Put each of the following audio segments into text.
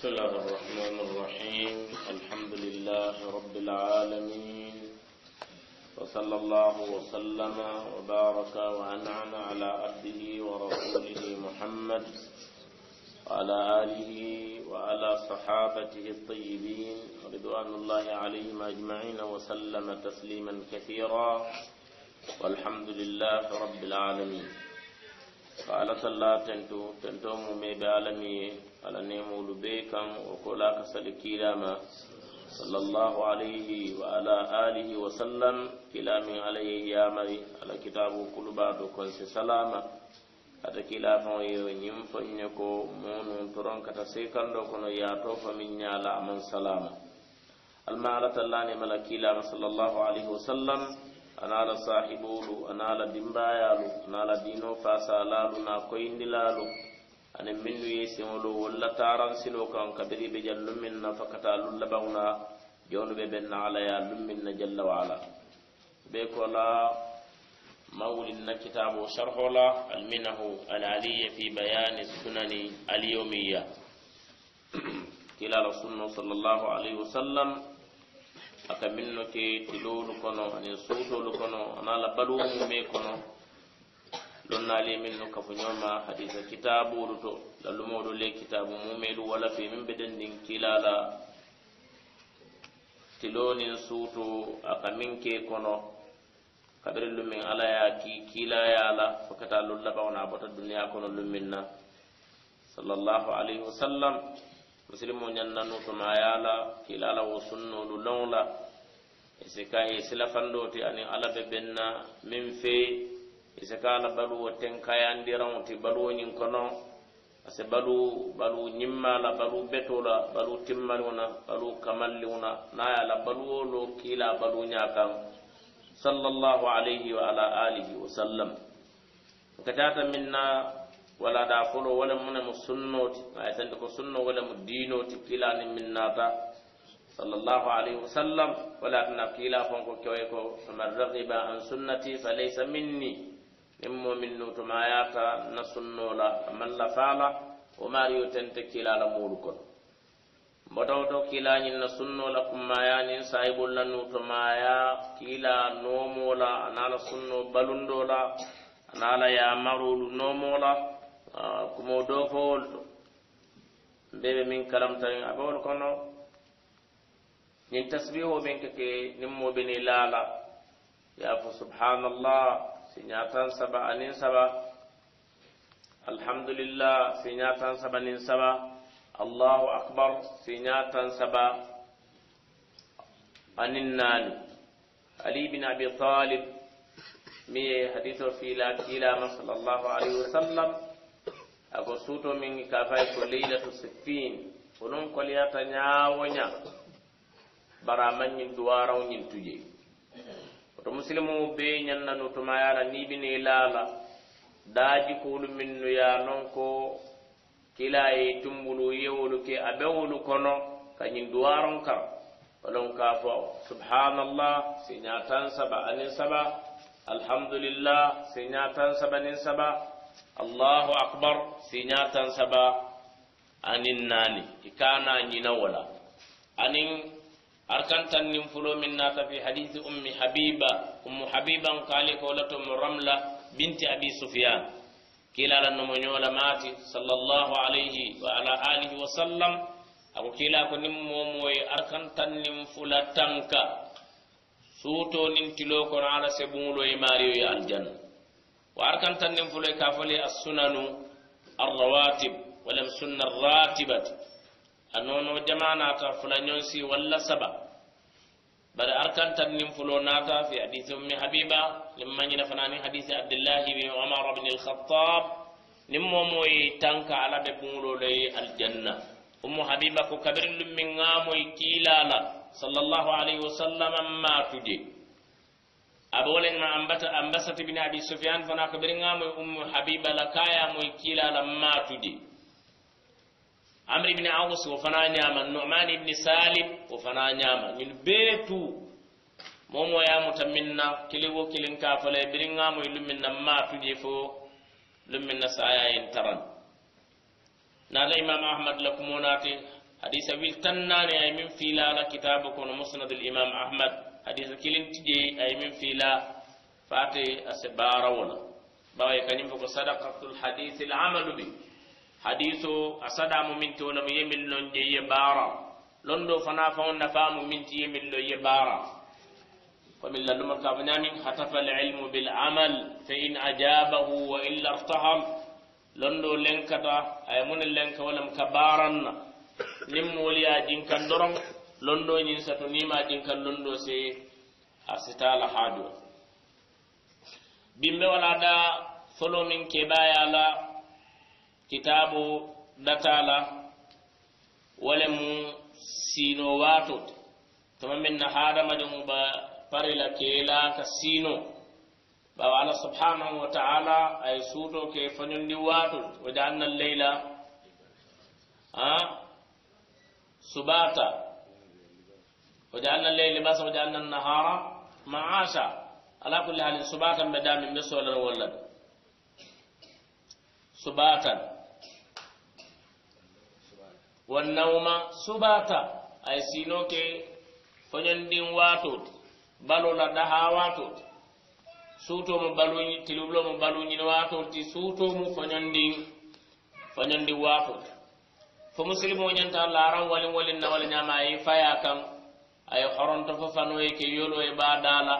بسم الله الرحمن الرحيم الحمد لله رب العالمين وصلى الله وسلم وبارك وأنعم على عبده ورسوله محمد وعلى آله وعلى صحابته الطيبين رضوان الله عليهم أجمعين وسلم تسليما كثيرا والحمد لله رب العالمين ko ala talla tento mu me be alami ye ala nemolu be kan o la ka sali ma sallallahu alayhi wa ala alihi wa sallam kilamin alaye yamari ala kitabu kulubato konse salama ata kila faŋo ye ñiŋ fo ñe ko munu toroŋ kata sekando kono yato fa miŋ ñala amaŋ salama alma ala talla ne mala kilama sallallahu alayhi wa sallam ana la sahibolu ana la dimbayalu ana la dino fasalalu na koyindilalu anin minnu ye siŋolu walla taransilo kaŋ kabiri be jallu min na fakata lullabaŋo na jonu be benna ala ya lum min na jalla wa ala be ko la mawulin na kitabo sharho la alminahu alaliya fi bayani sunani alyomiya kila la sunna sallallahu alaihi wasallam aka minno ke tilolu kono ani suutolu kono ana la baluumu me kono ɗon naali minno kafo ñoma hadisa kitabolu to lallumoɗo le kitabu mumeɗu wala fe min ɓeɗen ndin kilala tilonin suuto aka min ke kono kaɓere lumin ala ya ki kilayala fokata lullaɓawna a ɓota duniya kono lumminna sallllahu alayhi wa sallam musilimo ñannanu tono a ye la kila la wo sunnolu loŋo la i si ka ye silafandoo ti aniŋ alla be beŋ na miŋ fee i si ka la baluwo tenkayandiraŋo ti baluwo ñiŋ kono a balu balu ñimma la balu beto la balu timmaliŋo na balu kamalliŋo na naŋ a ye la baluwo lo kiila balu ñaa kaŋ sallallahu alayhi wa ala alihi wa sallam nka taata miŋ na ولا دافلو ولا من مسنوت ما يسندك سنة ولا مدينوت كلا من ناتا صلى الله عليه وسلم ولكن كلا فانك كويكو فمن رغب عن سنتي فليس مني إمو من نوت ما ياتا نسنولا من لفالا وما ريوتنت كلا لمولكو Mbatoto kila nina sunno la kumaya ni sahibu la nutumaya kila nomola anala sunno balundola anala ya marulu nomola kumo do fowol to mbeɓe min kalamtani abawol kono nin tasbiho min keke nimmoɓe ni laala yaafo subhanallah siñatan saba anin saba alhamdulillah siñatan saba nin saba allahu akbar siñatan saba anin naani ali bin abi talib mi ye hadiseo fiila kiilama sallllahu alayhi wa sallam ako suto min kafay ko leylatu siffin ko noon koliyata ñaawoña bara mañin duwarawñin tuje oto musilimu be ñannanu tuma yaala niibini laala daaji koolu min nuya non ko kila ye tumbulu yewolu ke abewolu kono kañin duwaron kam walon ka fo subhanallah siña tan saba anin saba alhamdulillah siña tan saba nin saba الله أكبر سينات سبا أن الناني إكانا ينولا أن أركان تنين فلو من نات في حديث أم حبيبة أم حبيبة قالي قولتهم رملة بنت أبي سفيان كلا لنمو نولا ماتي صلى الله عليه وعلى آله وسلم أو كلا كنمو موي أركان تنين فلو تنك سوتو ننتلوكو على سبولو إماريو الجنة واركان تنم فلي كافلي السنن الرواتب ولم سنة الراتبة انو جمعنا فلان سي ولا سبا بل أركان تنم فلو في حديث أم حبيبة لما فناني حديث عبد الله بن عمر بن الخطاب نمو موي تنك على بقولو لي الجنة أم حبيبة كبر من غامو كيلالا صلى الله عليه وسلم ما تجي abole nga ambata ambasat ibn abi sufyan fana kabiri nga moy ummu habiba la kaya moy kila la matudi amr ibn aus wo fana nyama nu'man ibn salim wo fana nyama min betu momo ya mutaminna kiliwo kilin kafale biri nga moy luminna matudi fo luminna saya in taran nala imam ahmad lakumunati hadisa wil tannani ay min filala kitabu kono musnad al imam ahmad hadisa kilin tije ay min fila fati ase barawona bawa e kañum foko sadakatul hadise l amalu bi hadithu o a saɗamo min tona mo yemin non je ye bara lon ɗo fana fawon nafamo min ti yemin ɗo ye bara komin lallumol kafa ñamin hatafa l ilmu bil amal fa in ajabahu wa illa irtaham lon ɗo lenkata aye mune lenka walam ka baranna nin jinkan doron londoñin sato nimaɗin kan londo se a sitala haado bimbe wala da folo min kebayala kitabu datala wale mu sino wato tuma min na hadamaɗin ba parila kela ka sino bawa allah subhanahu wa ta'ala ay suto ke fanyundi wato wa ja'alna al-layla ah, subata وجعلنا الليل لباسا وجعلنا النهار معاشا على كل حال سباتا بدام من ولا ولد سباتا والنوم سباتا أي سينوكي فنندين واتوت بلو لدها واتوت سوتو مبالوني تلوبلو مبالوني واتوت سوتو مفنندين فنندين واتوت فمسلمون ينتهى الله رم ولن ولن ولن يما يفايا كم ay horonto fo fanoye ke yolo e ɓa dala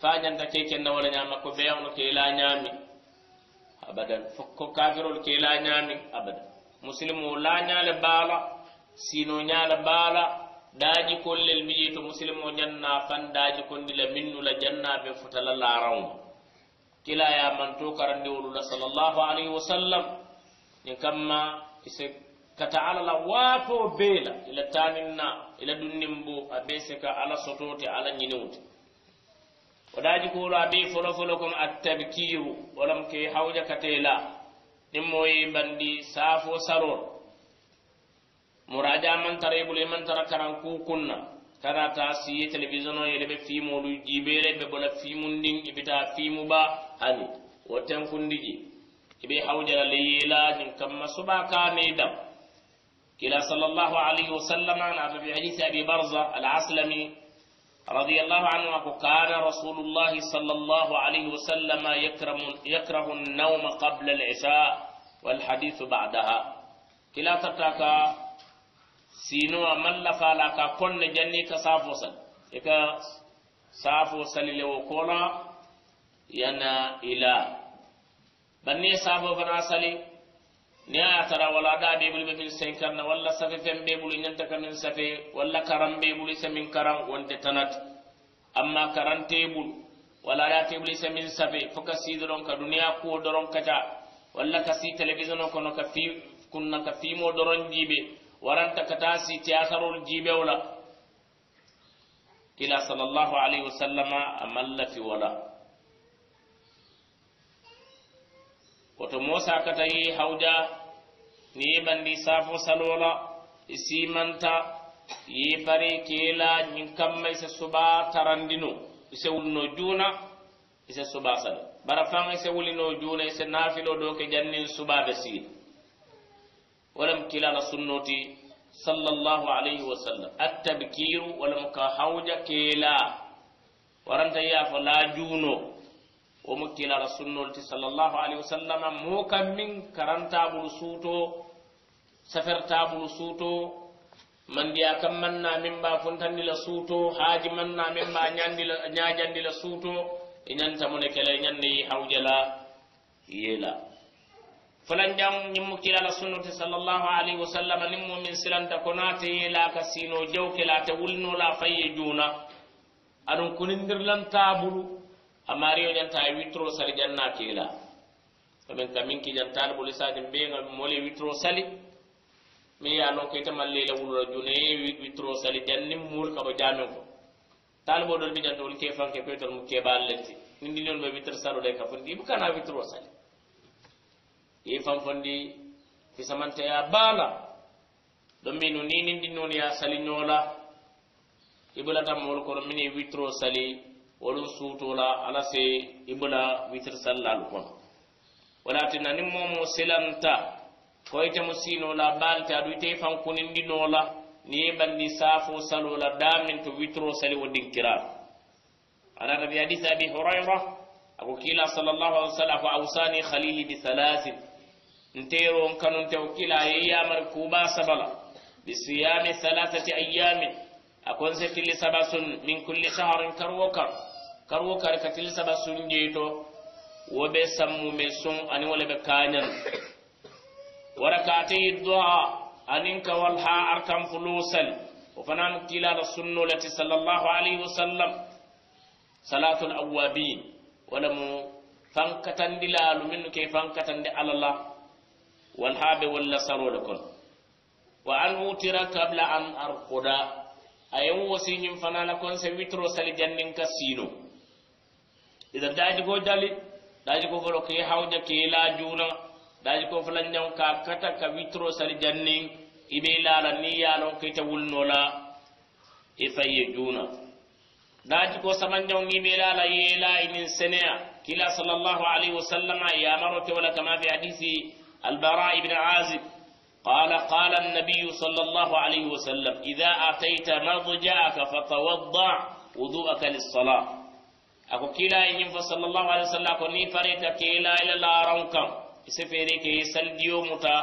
fañanta ke kenna wala ñama ko beewno ke la ñami abadan fokko kafirol ke la ñami abadan musilimu la ñale baala sino ñale baala daaji kollel mi ƴeyi to musilime o ñanna fan daaji kondila minnula jannaɓe fotala larawma kilayaman to karandewolula sallllahu alayhi wa sallam ni kamma ise kata ala la waatoo bee la ila taanin naa ila dunnimbo a bee se ka ala sotoote ala ñiniwte o daaji koolu a bee folofolo kom attabkiiru wolam ke hawja katee laa nin moo ye banndi saafoo saroor muraaja mantara ibulu e imantara e karan kuu kun na kana taa siye televisiono ye le be fiimoolu jiibeere be bola fiimundin i bitaa fiimu baa hani wo tenkundi ji i be hawjala le yeelaa nin kamma subaa kaanee dam كلا صلى الله عليه وسلم عن أبي حديث أبي برزة العسلمي رضي الله عنه كان رسول الله صلى الله عليه وسلم يكرم يكره النوم قبل العشاء والحديث بعدها كلا تتاكا سينو من لفالاكا كن جني كصافو سل يكا سافو سل وكولا ينا إلى بني صافو فنا سلي ni a tara wala da be bulu min senkar na walla safe fen be bulu nyanta ka min safe walla karam be bulu isa min karam wonte tanat amma karan tebulu wala da tebulu isa min safe foka si doron ka duniya ko doron kata walla ka si television kono ka fi kunna ka fi mo doron jibe waranta ka ta si tiyasarol jibe wala kila sallallahu alaihi wasallama amalla fi wala woto mosa katayi hawja ni yiɓandi safo salola e isimanta yibari kela ñin kamma ise suɓa tarandino ise e e wulino juna ise suɓa salo bara fan ise wulino juna ise nafilo ɗo ke jannin suɓa be sina walam kilala sunnoti sallallahu alayhi wa sallam attabkiru walam ka hawja kela waranta yafo la juno wo mukkilala sunnol ti sallallahu alaihi wasallam mo kam min karantabulu suuto safertabulu suuto mandiya kam manna min ba funtandila suuto haaji manna min ba ñajandila suuto e ñantamone kele ñande yi e hawjala yela fulan jam ñim mukkilala sunnote sallallahu alaihi wasallam nin mo min silanta ko naate yela ka siino jawkela te wulnola fayye juuna aɗum konindirlan tabulu amma ariyo ñanta e wittoro sali janna keela amin ka min kijanta ne boli sajin ɓeega mole wittoro sali min ya noon ko itama leyla wulora juna e wittoro sali jannin muul kaɓo jamin ko talibo ɗon mi jannde woli kefanke peytol mu keɓal lelti ni ndi noon ɓe wittere salo ɗe ka fon ndi ɓukana wittoro sali ye fan fon ndi fisamante ya baala ɗon min no ni ni ndi noon ya sali ñoola ibulatan mool kono mini wittoro sali wolum suutola ala se i bula witiri sallar. kono walatina niŋ moo mo silanta ko itemu siinoo la baalite aduŋ ite i faŋ kunindinoo la niŋ ye bandi saafoo saloo la daamin to witiroo sali wo dinkiraalu Ana bi hadise abi hurayra ako kiila salallahu alih wa sallam ko ne khalili bi halasin nteeroo kanunte o kiila a ye yaamari kuubaa saba la bi siyami halasati ayamin a conseil tilli saba sun min kulli saharin karwo kar karwo kar ka tilli saba sun jeito wo be sammu me sun ani wala be kanyan wara ka ta yi du'a anin ka wal ha arkan fulusal wa fana mu kila da sunnu lati sallallahu alaihi wa sallam salatul awwabin wala mu fankatan dilalu min ke fankatan di alalla wal ha be wala saro da kon wa an utira qabla an arkhuda ayen wosiñin fana la conseil witro sali jannin ka siino ida dajigo dali dajigo folo kei hawja kei laa juuna dajigo folañan ka kata ka witro sali jannin ibe laala ni yaalon keita wulno la ifaye e juuna dajigo samañan ibe laala yeelaa inin senea kila sallallahu alayhi wa sallam yamaro ke wala kama fi hadisi albara ibne azib قال قال النبي صلى الله عليه وسلم إذا أتيت مضجعك فتوضع وضوءك للصلاة أقول كلا إنهم صلى الله عليه وسلم أقول نفرك كلا إلا لا رونك إسفرك إسال ديومتا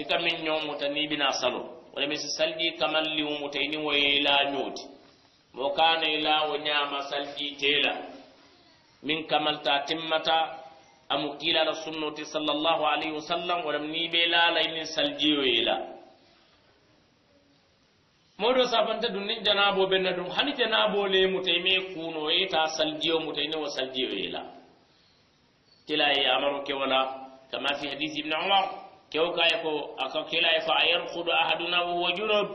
إتا من يومتا نيبنا صلو ولم يسال دي كمان ليومتا إنه وإلا نوت وكان إلا ونعم سال دي تيلا من كمال تاتمتا amu kiilala sunnoti sallllahu alayhi wa sallam waɗam ni ɓe laalay nin saljiyoyela moɗo safanta ɗum nin janabo ɓenna ɗum hani janabo le mutay me kunoye ta saljiyo mutay ni wo saljiyoyela kila ye amaro kewala kama fi hadise ibne omar kew kaye ko aka kilaye fa a yarkudu ahaduna wo wo junub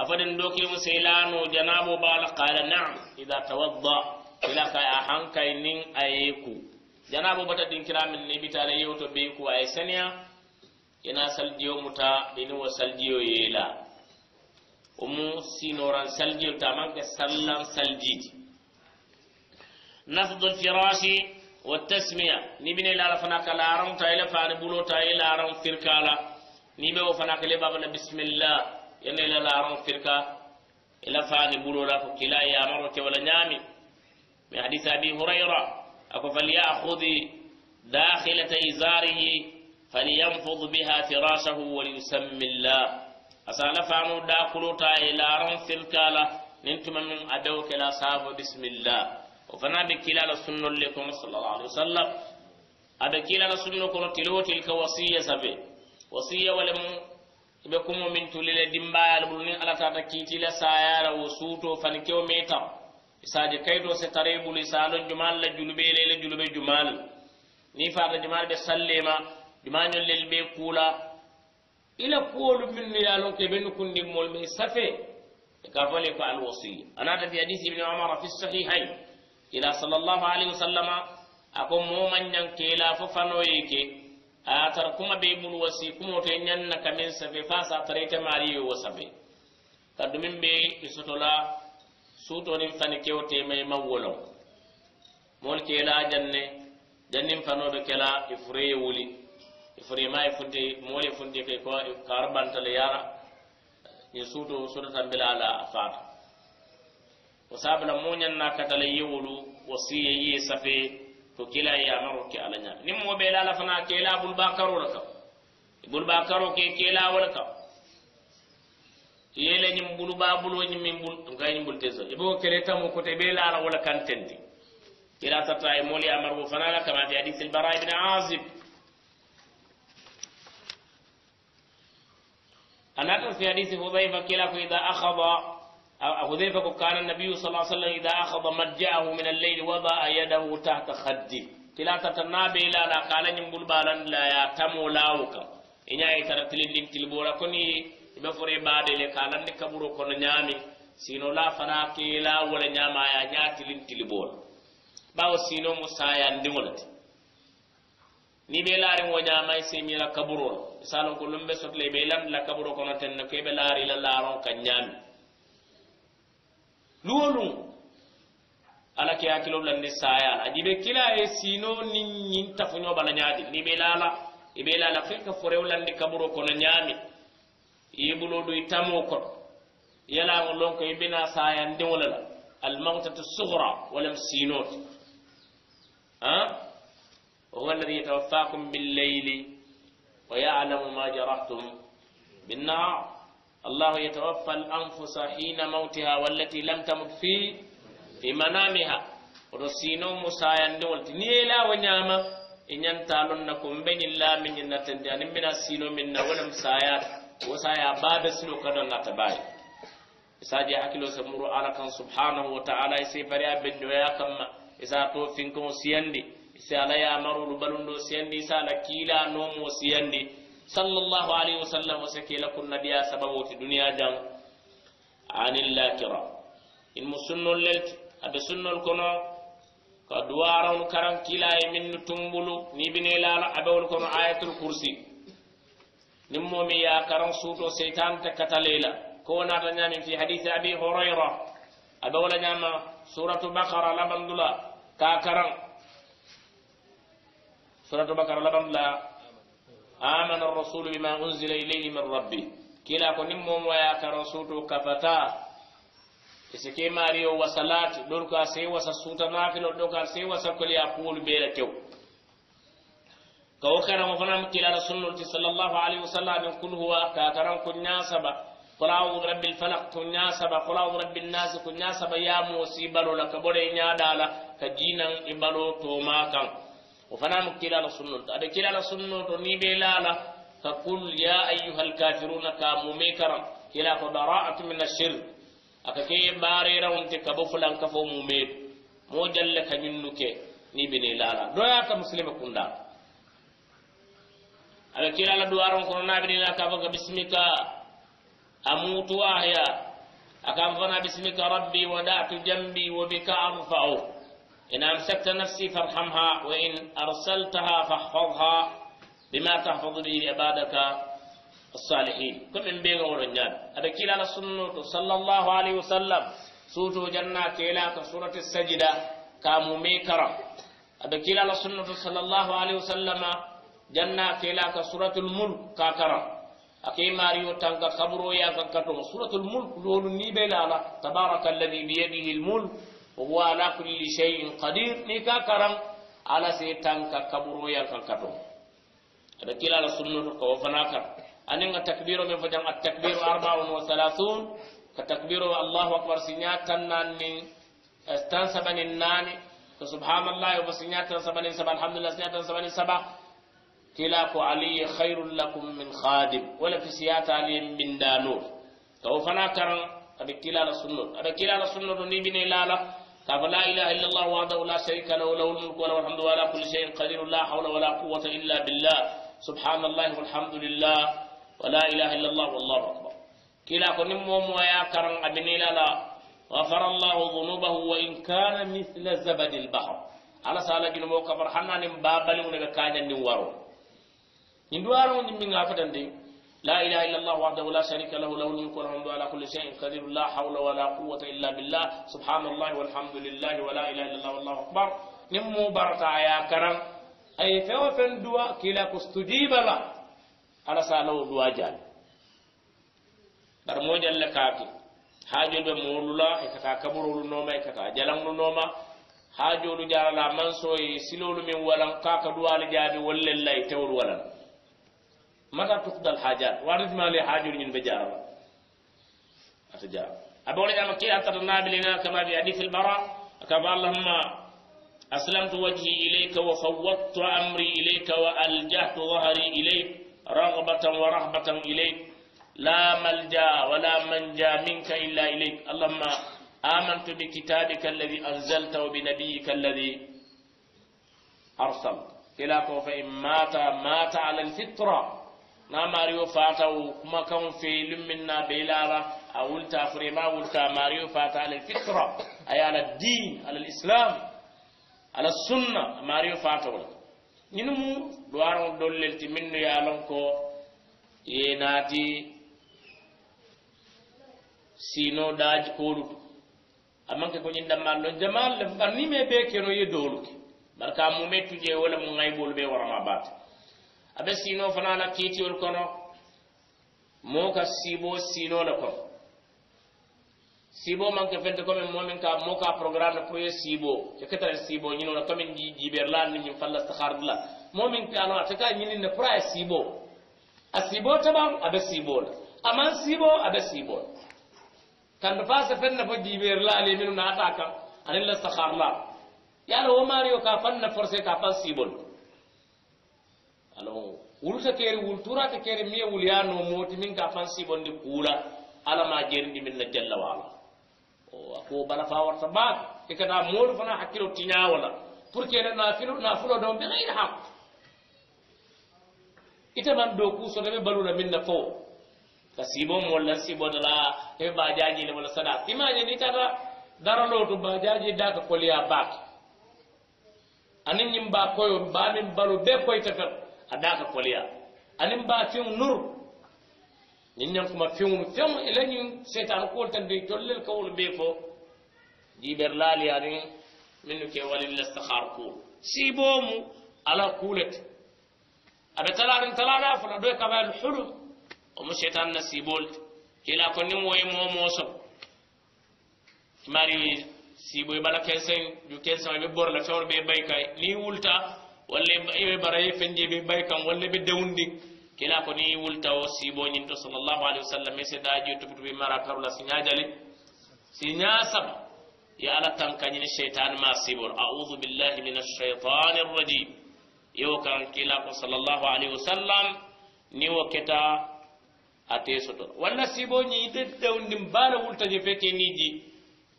afaɗen ɗo kemo seylano janabo baala qala naam ida tawadda kila kaye a hankay nin ayeku janabo bata din dinkiramin ni bitala yewto be kuwa ay seniya ina saldiyo muta beni wo saldiyo yeela omu sinoran saldiyo tamanke sallam saljiji nafdu firashi wa tasmiya ni bine la rafana kala laran ta ila fani bulo ta ila laran firkala ni be wo fana baba na bismillah yana la laran firka ila fani bulo la ko kila yamaro ke wala nyami mi hadith abi hurairah أكو فليأخذ داخلة إزاره فلينفض بها فراشه وليسمي الله أسأل فانو داخلو تاي لارن سلكالا ننتم من أدوك لا صاب بسم الله وفنا بكلا لسنة لكم صلى الله عليه وسلم أبكلا لسنة كنو تلو تلك وصية سبي وصية ولم يبكم من تلل دمبا يلبلنين على تاتا كيتي لسايا وسوتو فنكيو ميتا isaji kayto si tara bulu isano jumal la julube lela julube jumal ni fata jumal be sallema jumañol lel be kula ila kuwolu minnu yalon ke ɓenu kundimmol ma safe e ka fole ko alwasiy anata fi hadis ibni omar fi sahihay ila sall llahu alayhi wa sallama ako momanñan kela fo fanoye ke a tara kuma be bulu wasi kumoto ñanna kamin safe fa sa tarayte mariyo wo safe kadumin be ɓisotola suutoniŋ fani kewoteema e ima woloŋ moolu keela jaŋ ne janniŋ fanoo be kela ifure e ye wuli ifureema e ye funti moolu ye funti kaaru banta le yaara ñiŋ suuto sotatan bila a la a faata wo saabula moo ñaŋ na kata la ye wolu wasiye ye safe to kila ye amaro ke alla ñaa niŋ moo be la la fanaŋ keela bulubaakaroo le kaŋ bulubaakaroo ke keelaa wo le kaŋ yele ñim bulu ba bulo ñim min bul nga ñim bul ibo kele tamu kote te be ala wala kantendi tendi ila tata e moli amar bu fanala kama fi hadith al bara ibn azib anata fi hadith hudhayfa kila ko idha akhadha حذيفة كان النبي صلى الله عليه وسلم إذا أخذ مضجعه من الليل وضع يده تحت خده تلا تتنابي لا لا قال نمبل بالا لا يتمو لاوكا إنيا يترتلين تلبورا كوني ima fori baade le ka lanndi kaburo kono ñaami sino la fana kela wala ñamaya ñatilin tiliboola bawo sino mo sayandiŋolete ni be laariŋo ñamay semira kaburola misalon ko lum be sotole be lanndila kaburo kono tenne ko ibe laari la laaron kan ñaami luwolu ala ke hakkilo lanndi sayala ajibe kila ye sino niŋ ñin tafuñoo bala ñaadi ni be lala ibe lala fe ka forewlanndi kaburo kono ñaami يبلو يتمو كر يلا ولون كي بنا سايان دي ولا الموتة الصغرى ولم سينوت ها هو الذي يتوفاكم بالليل ويعلم ما جرحتم بالنهار الله يتوفى الأنفس حين موتها والتي لم تمت في في منامها ورسينو مسايان دي ولت نيلا ونعمة إن ينتالون نكم بين الله من ينتندي أن من السينو من نولم سايات ya wo saya babe na ta bai. Isa isaji hakkilo so muru ala kan subhanahu wa taala e sefariya ya kama. isa to finkoo siyandi Isa ala ya yamarolu balunɗo siyandi Isa ala kila, kiila nomo siyandi sallllahu alayhi wa sallam o sakila kunnadiya sababoti duniya In mu inmo sunnol lelti aɓe sunnol kono ka duwarawnu karan kiila e minnu tumbulu ni bi bine laala aɓewol kono ayatul kursi نمو ميا كرم سوتو سيتان تكتليلا كونا تنامي في حديث أبي هريرة أدولا نعم سورة بقرة لبن دولا كاكرم سورة بقرة لبن دولا آمن الرسول بما أنزل إليه من ربي كلا كنمم ويا كرم سوتو كفتا كسكيما ريو وصلات دوركا سيوسا سوتا نافلو دوركا سيوسا كليا قول بيلتو kawo karamo fanam kilara sunnuti sallallahu alaihi wasallam in kul huwa ka karam kunya saba kula wu rabbil falaq kunya saba kula wu rabbil nas kunya saba ya musi balo la kabore nya dala ka jinan ibalo to makan o fanam kilara sunnuti ade kilara sunnuti ni be lala ka kul ya ayyuhal kafirun ka mumi karam kila ko bara'atu min ashir aka ke bare rawnte ka bo fulan ka fo mumi mo jalla ka nyunnuke ni be ni lala do ya ta muslima kunda ala kila la duwaron kono naɓinila ka fo ka bisimika a mutuwahya akan fana bisimika rabbi wadatu jambi wa bika arfa'u in amsakta nafsi farhamha wa in arsaltaha fahfadha bima tahfadu bihi ibadaka الصالحين كم من بين ورنجان هذا كلا السنة صلى الله عليه وسلم سوتو جنة كلا كسورة السجدة كامو ميكرا هذا كلا السنة صلى الله عليه وسلم janna kela ka suratul mulk ka kara ake mariyo tanka kaburo ya ka kato suratul mulk lolu ni be lala tabaraka alladhi bi yadihi al mulk wa huwa ala kulli shay'in qadir ni ka karam ala se tanka kaburo ya ka kato ada kila la sunnatu ko fanaka aninga takbiro men fajam at takbiru arba'un wa thalathun ka takbiro allahu akbar sinya tannan min tan sabani nani subhanallahi wa sinya tan sabani sabah alhamdulillah sinya tan sabani sabah خلاف علي خير لكم من خادم ولا في سيات علي من دانور توفنا كرم ابي كلا السنن ابي كلا السنن ني بن لالا كما لا اله الا الله وحده لا شريك له له الملك وله الحمد على كل شيء قدير لا حول ولا قوه الا بالله سبحان الله والحمد لله ولا اله الا الله والله اكبر كلا كن موم ويا كرم ابي لالا غفر الله ذنوبه وان كان مثل زبد البحر على سالك حنا نموك فرحنا نمبابل ونكاجا نوارو هندوارو من من عفدا دي لا إله إلا الله وحده لا شريك له له الملك والحمد على كل شيء قدير لا حول ولا قوة إلا بالله سبحان الله والحمد لله ولا إله إلا الله والله أكبر نمو برطا يا كرم أي فوفن دوا كلا كستجيب لا على سالو دوا جال درمو جل كاكي حاجل بمول الله كتا كبر النوم كتا جلم النوم حاجل جال لا منسوي سلول من ولن كاك دوا لجابي ولا الله تول ولن متى تقضى الحاجات وارد ما لي حاجة من بجارة أتجارة أبو لي أمكي أترنا بلنا كما في حديث البراء كما اللهم أسلمت وجهي إليك وفوضت أمري إليك والجهت ظهري إليك رغبة ورهبة إليك لا ملجا ولا منجا منك إلا إليك اللهم آمنت بكتابك الذي أنزلت وبنبيك الذي أرسلت كلاكم فإن مات مات على الفطرة na mario fata wo kuma kan feilin min na bai lara a wulta fure ma wulta mario fata ala fitra a yi ala din ala islam ala sunna mario fata wala ninu mu duwaron dolelti min nu ya lanko ye nati sino daj kolu amma ke ko nyinda mallo jamal le fanni me be keno ye doluki barka mu metu je wala mu ngai bolbe warama bata abe sino fana la kiitiyol kono moo ka siiboo siinoo le kono siiboo maŋ ke fente comme moo meŋ ka moo ka programme pour ye siiboo e ketara siiboo ñinoo la comme jiibeer laal ni ñiŋ falla sahardu la moo meŋ ka ano ate ka ñinin ne pour a ye siiboo a siiboo tabaŋ abe siiboo la a maŋ siiboo abe siiboo la kandu faa se feŋ na fo jiibeer laal ye minnu naata kaŋ aniŋ la sahar laal ye a la wo maario ka faŋ na forcé ka faŋ siiboo la alon wulta kere wul turata kere miya wulyano moti min ka fan sibondi kuula alama jerindi min na jalla walo o ako bala fa warta baabe e kata moolu fana hakkilo tiñawola pour que ne nafilo nafulo don be xeyra xam itaman do ku sotaɓe balula min na fo ka sibo molla sibodala e bajaji le wala sadak imagine itata daraloto bajaji daka koliya baake anin ñim ba koyo bamin balu be koyta fet adaka kwaliya anin ba fiŋ nur ñiŋ kuma fiŋ fiŋ ila ñiŋ setan ko tan de tollel kawul be fo jiber lali ani minnu ke walin lastahar kuul siibomu ala kuulet aɓe talariŋ talada fula doye kabayal hulu omu setan na siibol te kila ko moy e mo mo so mari si i e bala kensen ju kensen e be bor la feŋol be bay kay ni wulta walla ɓe ɓaraye fenje ɓe ɓay kam walla ɓe dewndi kila ko ni wulta o siiboñin to sallllahu alayhi wa sallam e seeɗaji tukutu ɓe mara karla siñajale siña saba yo ala tan kañine cheytane ma siibol audu billahi min alcheytani arrajim yo kan kila ko sallllahu alayhi wa sallam ni wo keta ate soto walla siiboñi ite dewndi mbaala wultaje fe keniji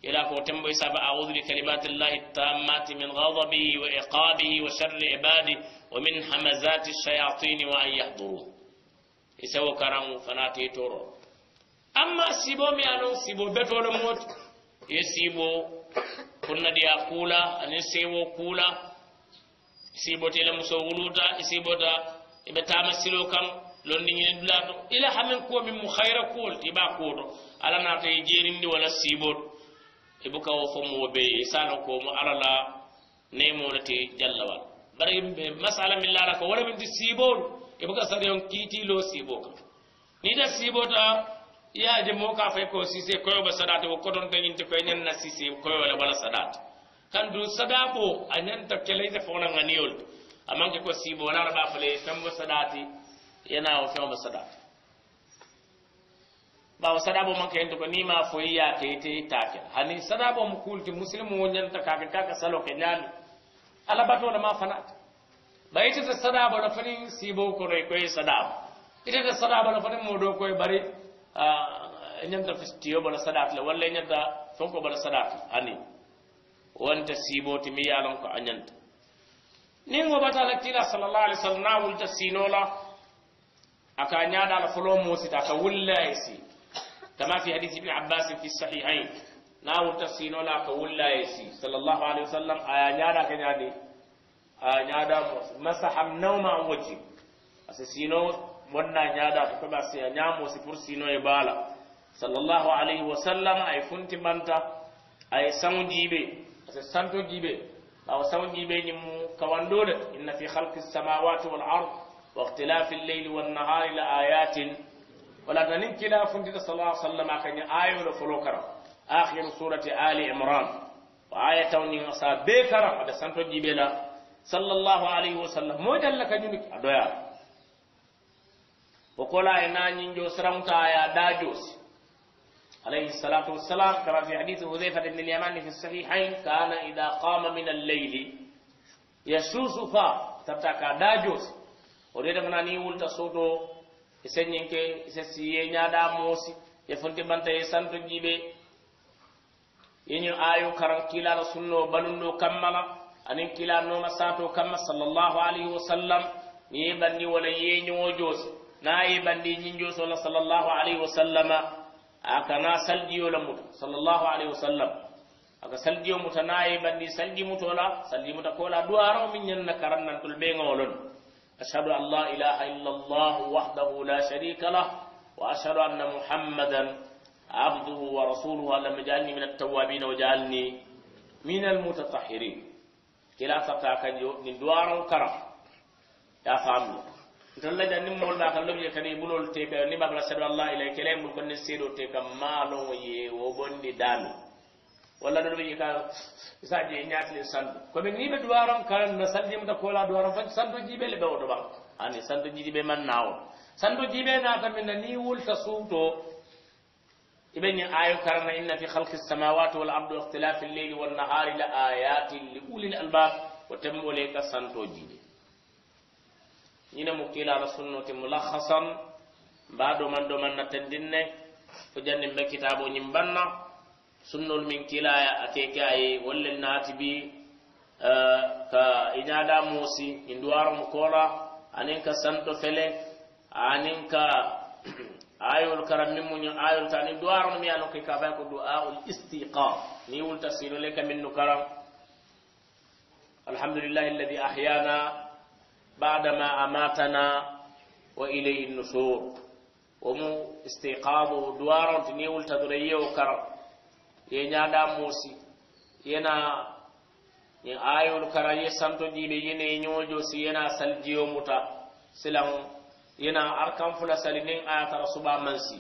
إلى فوتم بيساب أعوذ بكلمات الله التامات من غضبه وإقابه وشر عباده ومن حمزات الشياطين وأن يحضرون يسوى كرام فناتي تورو أما سيبو ميانو سيبو بيتو لموت يسيبو كنا ديا كولا أن يسيبو كولا سيبو تيلا مسوغلوتا يسيبو تا إبتاما سيلو كم لوندي ني دولاتو إلا حمن كو من مخير كول تبا كورو ألا ناتي جيرين دي ولا سيبوتو i buka wo fo mo be i sano ko mu ala la nemo jalla wal bari masala min lara ko wala min ti sibol i buka kiti lo sibo ka ni da sibo ta ya je mo ka fe ko sise ko ba sadate wo kodon tan ko nyen na sise ko wala bala sadate kan du sadako anyan ta kele ta fona nganiol amanke ko sibo wala ba fale tambo sadati yana wo fe mo sadate bawo sadabo man kayen ko nima foyi ya ta. take hani sadabo mu kulti muslimu wonyan ta kaka kaka salo ke nyani ala bato da ma fana ba ita ta sadabo da fani sibo ko re ko sadabo ita ta sadabo da fani do ko bari ta fistiyo bala sadat la walla ta fonko bala sadat ani wanta sibo mi yalon ko ta Ni ngo bata la tila sallallahu alaihi wasallam ta sinola aka nyaada la folo mo sita ka wulla isi كما في حديث ابن عباس في الصحيحين ناول تفسير ولا قول لا يسي صلى الله عليه وسلم آيا نادا كنادي آيا نادا مسح النوم عن وجهي أسسينو ونا نادا كما سيا نامو سفر سينو يبالا صلى الله عليه وسلم أي فنت بانتا أي سمو جيبي أسسانتو جيبي أو سمو جيبي نمو كواندولة إن في خلق السماوات والأرض واختلاف الليل والنهار لآيات ولا تنين كلا فنتي صلى الله عليه وسلم كان آية ولا فلوكرا آخر سورة آل عمران وآية توني أصاب بكرة هذا سنت جيبلا صلى الله عليه وسلم مو جل لك جنك أدويا وقولا إنا ننجو سرمتا يا داجوس عليه الصلاة والسلام كما في حديث حذيفة بن اليمان في الصحيحين كان إذا قام من الليل يسوس فا تبتكى داجوس وريد فناني ولتا ise ñinke ise siye ñaɗa moosi ye funti banta ye santo jiɓe yeñu ayo karan kilala sunno balunno kammala anin kila noma sato kamma sallallahu alaihi wa sallam ni yeɓandi wala yeñowo joosi na bandi ñin joosi wala sallallahu alaihi wa sallama akana saldiyo la muta sallallahu alaihi wa sallam aka saldiyo muta na bandi saldi mutola saldi muta kola duwaro min ñanna karan nan ɓe gawolon أشهد أن لا إله إلا الله وحده لا شريك له وأشهد أن محمدا عبده ورسوله لم يجعلني من التوابين وجعلني من المتطهرين كلا تتاكن من دوار كرم يا فامي تلا جن مول ما كان لوجي كان يبلول تيبا ني ما بلا سد الله إليك لين بكون نسيرو تيبا ما يي وبندي دامي ولا نو يي كان ساجي نياتي سان كوم ني بي دوارام كان نسالدي مدا كولا دوارام فان سان دو جيبي لبو دو با اني سان دو جيبي بي من ناو سان دو جيبي نا تام ني ني ول تسوتو ابن ايو كارنا ان في خلق السماوات والارض واختلاف الليل والنهار لايات لاولي الالباب وتمولك سان دو جيبي ني نمو كيلا رسولنا ملخصا بعد من دو من نتدين فجاني بكتابو sunnol min kilaya ate kaye wolle naati bi ka iñaada moosi induwaromo koola anin santo fele aninka ka ayol kara min muño ayol ta anin duwarono mi yano ke ka fay ko du'aul istiqam ni wulta silole ka min karam alhamdulillahi alladi ahyana بعدما أماتنا وإليه النشور ومو استيقاظه دوار تنيول تدريه وكرم ye ñaada muusi yena ni ayolu kara ye santo jiile yene nyojo si yena saljiyo muta silam yena arkan fula salinin ayata rasuba mansi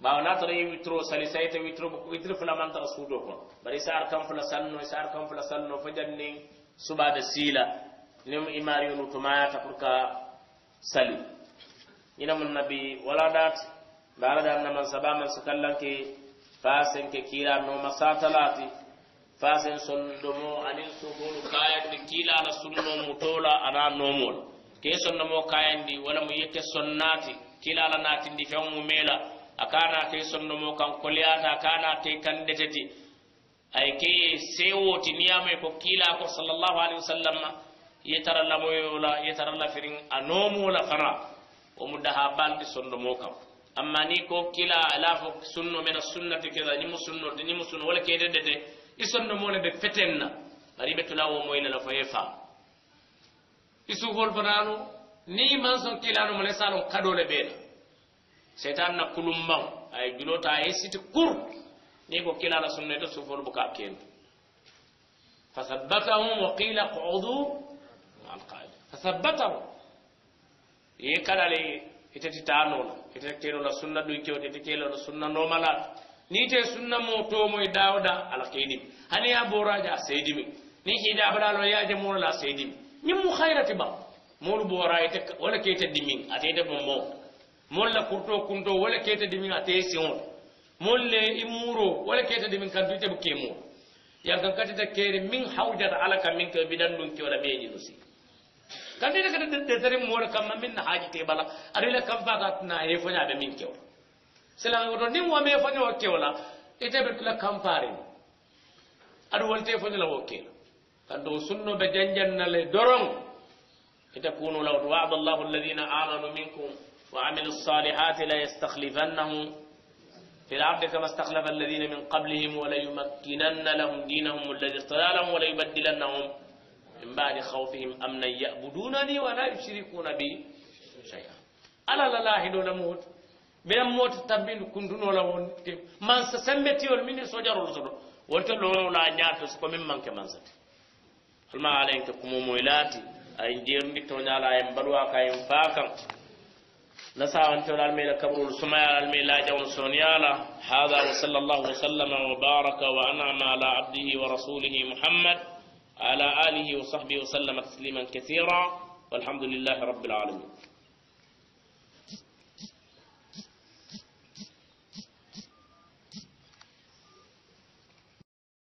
ba na tare yi witiro sali sa ite ko witiri fula man tara suudo ko bari sa arkan fula sanno sa arkan fula sanno fo jan suba da sila nim imari imariyonu tumayata pour furka sali ina mun nabi wala dat mbe ala dan naman saba man Fasin ke kila no masatalati fasin sondomo anin kayan kayandi kila na sunno mutola ana nomol ke sondomo kayan kayandi wala mu yete sonnati kila la natindi fe mu mela akana ke sondomo kan koliyata kana te kandeteti ay ke sewoti niyame ko kila ko sallallahu alaihi wasallam yetara lamoyola yetara lafirin anomola fana o mu daha baldi sondomo kam amma ni ko kila ala fo sunno mena sunnati keda ni mu sunno ni mu sunno wala kede dede isonno be fetenna bari be tula wo moy la fo yefa isu hol ni man son kila no male salon le na kulumban ay julota ay siti kur ni ko kila la sunno to sufol buka ken فثبتهم وقيل اقعدوا مع القائد فثبتهم يكلا لي itati tanola itati kelola sunna ɗum kewte ite kelola sunna nomalaɗo e ni te sunna mo tomo e dawda ala keydimi hani ya boraje a seydimi ni hiida baɗalo yaje murola a dimi ñin mu hayrati ba molu bora ite wala keyta dimin ate ite bon mo molla kurto kunto wala keyta dimin ate siŋol molle i muro wala keyta dimin kantu ite bo kemuro yankan katita keere min hawjata ala ka min ke bidan ɗum kewla meyeñino si kandi ne kada de sere mora kam min na haji te bala ari la kam faga na e fo nyaade min kew sala ngoto nim wa me fo nyaw kew la ite be la kam pare adu wolte fo nyaw wokke kando sunno be janjan na le dorong ite kunu law wa'ada Allahu alladhina amanu minkum وعملوا الصالحات لا يستخلفنهم في العبد كما استخلف الذين من قبلهم وليمكنن لهم دينهم الذي اصطلى لهم وليبدلنهم من بعد خوفهم أمنا يعبدونني ولا يشركون بي شيئا ألا لا لا هدو لموت من موت تبين كندون ولا ونت من سسمتي والمين سجر الزر وتلو لا نعرف سكم من من كمان ست فلما عليك كموم ولاتي أين جير نكتون على يمبلوا كاين فاكا فاكم لساعة تولى الميل كبر السماء الميل لا جون سونيالا هذا وصلى الله وسلم وبارك وأنعم على عبده ورسوله محمد على آله وصحبه وسلم تسليما كثيرا والحمد لله رب العالمين